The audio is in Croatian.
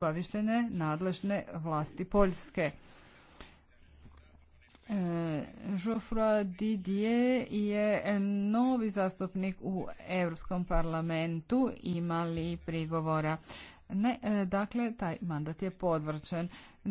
obavištene nadležne vlasti Poljske. Joffre e, Didier je novi zastupnik u Europskom parlamentu. Imali prigovora? Ne, e, dakle, taj mandat je podvrčen.